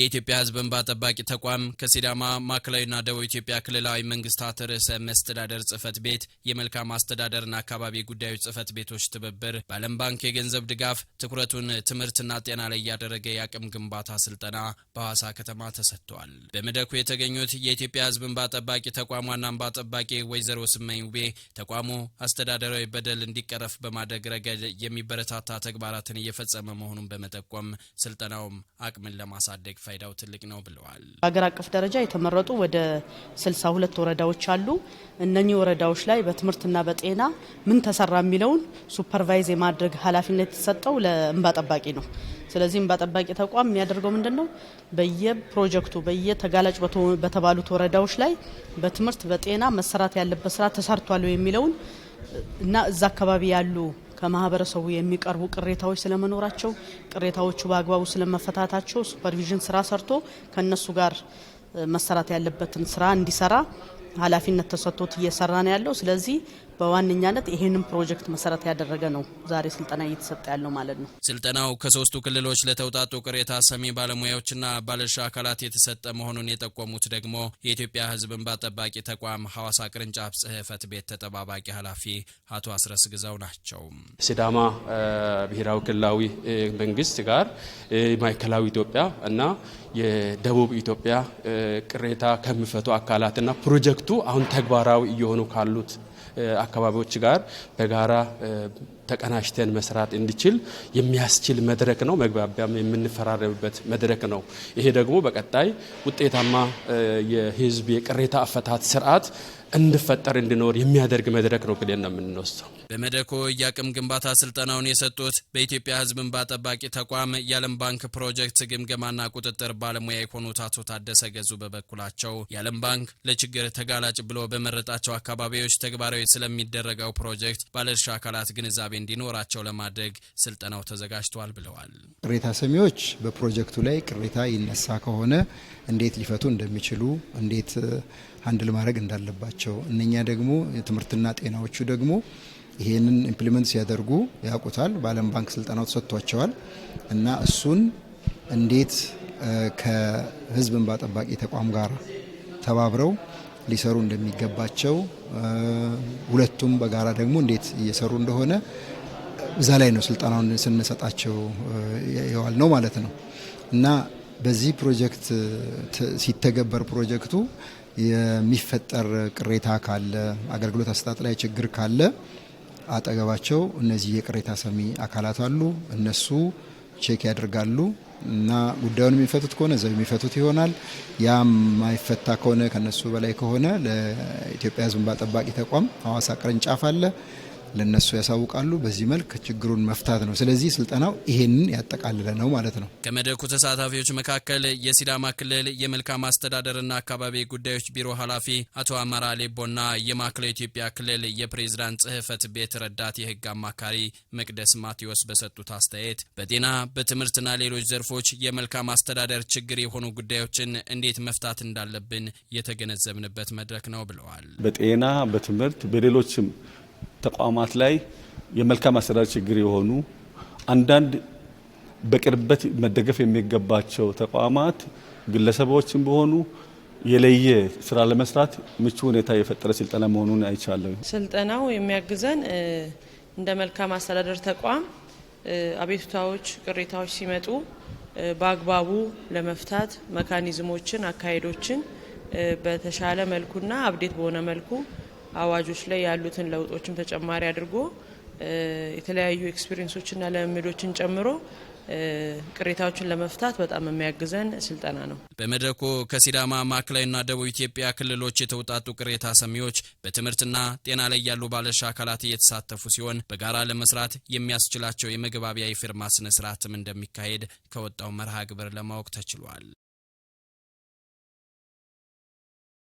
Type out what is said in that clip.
የኢትዮጵያ ሕዝብ እንባ ጠባቂ ተቋም ከሲዳማ ማዕከላዊና ደቡብ ኢትዮጵያ ክልላዊ መንግስታት ርዕሰ መስተዳደር ጽህፈት ቤት የመልካም አስተዳደርና አካባቢ ጉዳዮች ጽህፈት ቤቶች ትብብር በዓለም ባንክ የገንዘብ ድጋፍ ትኩረቱን ትምህርትና ጤና ላይ ያደረገ የአቅም ግንባታ ስልጠና በሐዋሳ ከተማ ተሰጥቷል። በመድረኩ የተገኙት የኢትዮጵያ ሕዝብ እንባ ጠባቂ ተቋም ዋና እንባ ጠባቂ ወይዘሮ ስመኝ ውቤ ተቋሙ አስተዳደራዊ በደል እንዲቀረፍ በማድረግ ረገድ የሚበረታታ ተግባራትን እየፈጸመ መሆኑን በመጠቆም ስልጠናውም አቅምን ለማሳደግ ፋይዳው ትልቅ ነው ብለዋል። በሀገር አቀፍ ደረጃ የተመረጡ ወደ 62 ወረዳዎች አሉ። እነኚህ ወረዳዎች ላይ በትምህርትና በጤና ምን ተሰራ የሚለውን ሱፐርቫይዝ የማድረግ ኃላፊነት የተሰጠው ለእንባ ጠባቂ ነው። ስለዚህ እንባ ጠባቂ ተቋም የሚያደርገው ምንድን ነው? በየፕሮጀክቱ በየተጋላጭ በተባሉት ወረዳዎች ላይ በትምህርት በጤና መሰራት ያለበት ስራ ተሰርቷል የሚለውን እና እዛ አካባቢ ያሉ ከማህበረሰቡ የሚቀርቡ ቅሬታዎች ስለመኖራቸው ቅሬታዎቹ በአግባቡ ስለመፈታታቸው ሱፐርቪዥን ስራ ሰርቶ ከእነሱ ጋር መሰራት ያለበትን ስራ እንዲሰራ ኃላፊነት ተሰጥቶት እየሰራ ነው ያለው። ስለዚህ በዋነኛነት ይህንን ፕሮጀክት መሰረት ያደረገ ነው ዛሬ ስልጠና እየተሰጠ ያለው ማለት ነው። ስልጠናው ከሶስቱ ክልሎች ለተውጣጡ ቅሬታ ሰሚ ባለሙያዎችና ባለድርሻ አካላት የተሰጠ መሆኑን የጠቆሙት ደግሞ የኢትዮጵያ ሕዝብ እንባ ጠባቂ ተቋም ሐዋሳ ቅርንጫፍ ጽህፈት ቤት ተጠባባቂ ኃላፊ አቶ አስረስ ግዛው ናቸው። ሲዳማ ብሔራዊ ክልላዊ መንግስት ጋር ማዕከላዊ ኢትዮጵያ እና የደቡብ ኢትዮጵያ ቅሬታ ከሚፈቱ አካላትና ፕሮጀክቱ አሁን ተግባራዊ እየሆኑ ካሉት አካባቢዎች ጋር በጋራ ተቀናሽተን መስራት እንዲችል የሚያስችል መድረክ ነው። መግባቢያም የምንፈራረብበት መድረክ ነው። ይሄ ደግሞ በቀጣይ ውጤታማ የህዝብ የቅሬታ አፈታት ስርዓት እንዲፈጠር እንዲኖር የሚያደርግ መድረክ ነው ብለን ነው የምንወስደው። በመድረኩ የአቅም ግንባታ ስልጠናውን የሰጡት በኢትዮጵያ ህዝብ እንባ ጠባቂ ተቋም የዓለም ባንክ ፕሮጀክት ግምገማና ቁጥጥር ባለሙያ የሆኑት አቶ ታደሰ ገዙ በበኩላቸው የዓለም ባንክ ለችግር ተጋላጭ ብሎ በመረጣቸው አካባቢዎች ተግባራዊ ስለሚደረገው ፕሮጀክት ባለድርሻ አካላት ግንዛቤ እንዲኖራቸው ለማድረግ ስልጠናው ተዘጋጅቷል ብለዋል። ቅሬታ ሰሚዎች በፕሮጀክቱ ላይ ቅሬታ ይነሳ ከሆነ እንዴት ሊፈቱ እንደሚችሉ እንዴት ሀንድል ማድረግ እንዳለባቸው እነኛ ደግሞ ትምህርትና ጤናዎቹ ደግሞ ይሄንን ኢምፕሊመንት ሲያደርጉ ያውቁታል። በዓለም ባንክ ስልጠናው ተሰጥቷቸዋል እና እሱን እንዴት ከህዝብ እንባ ጠባቂ ተቋም ጋር ተባብረው ሊሰሩ እንደሚገባቸው ሁለቱም በጋራ ደግሞ እንዴት እየሰሩ እንደሆነ እዛ ላይ ነው ስልጠናውን ስንሰጣቸው የዋል ነው ማለት ነው እና በዚህ ፕሮጀክት ሲተገበር ፕሮጀክቱ የሚፈጠር ቅሬታ ካለ አገልግሎት አሰጣጥ ላይ ችግር ካለ አጠገባቸው እነዚህ የቅሬታ ሰሚ አካላት አሉ። እነሱ ቼክ ያደርጋሉ። እና ጉዳዩን የሚፈቱት ከሆነ እዛው የሚፈቱት ይሆናል። ያ ማይፈታ ከሆነ ከነሱ በላይ ከሆነ ለኢትዮጵያ ሕዝብ እንባ ጠባቂ ተቋም ሀዋሳ ቅርንጫፍ አለ። ለነሱ ያሳውቃሉ። በዚህ መልክ ችግሩን መፍታት ነው። ስለዚህ ስልጠናው ይሄንን ያጠቃልለ ነው ማለት ነው። ከመድረኩ ተሳታፊዎች መካከል የሲዳማ ክልል የመልካም አስተዳደርና አካባቢ ጉዳዮች ቢሮ ኃላፊ አቶ አማራ ሌቦና የማዕከላዊ ኢትዮጵያ ክልል የፕሬዝዳንት ጽህፈት ቤት ረዳት የህግ አማካሪ መቅደስ ማቴዎስ በሰጡት አስተያየት በጤና በትምህርትና ሌሎች ዘርፎች የመልካም አስተዳደር ችግር የሆኑ ጉዳዮችን እንዴት መፍታት እንዳለብን የተገነዘብንበት መድረክ ነው ብለዋል። በጤና በትምህርት በሌሎችም ተቋማት ላይ የመልካም አሰራር ችግር የሆኑ አንዳንድ በቅርበት መደገፍ የሚገባቸው ተቋማት ግለሰቦችን በሆኑ የለየ ስራ ለመስራት ምቹ ሁኔታ የፈጠረ ስልጠና መሆኑን አይቻለሁ። ስልጠናው የሚያግዘን እንደ መልካም አስተዳደር ተቋም አቤቱታዎች፣ ቅሬታዎች ሲመጡ በአግባቡ ለመፍታት መካኒዝሞችን፣ አካሄዶችን በተሻለ መልኩና አብዴት በሆነ መልኩ አዋጆች ላይ ያሉትን ለውጦችም ተጨማሪ አድርጎ የተለያዩ ኤክስፒሪየንሶችና ልምዶችን ጨምሮ ቅሬታዎችን ለመፍታት በጣም የሚያግዘን ስልጠና ነው። በመድረኩ ከሲዳማ ማዕከላዊና ደቡብ ኢትዮጵያ ክልሎች የተውጣጡ ቅሬታ ሰሚዎች በትምህርትና ጤና ላይ ያሉ ባለድርሻ አካላት እየተሳተፉ ሲሆን በጋራ ለመስራት የሚያስችላቸው የመግባቢያ የፊርማ ስነ እንደሚካሄድ ከወጣው መርሃ ግብር ለማወቅ ተችሏል።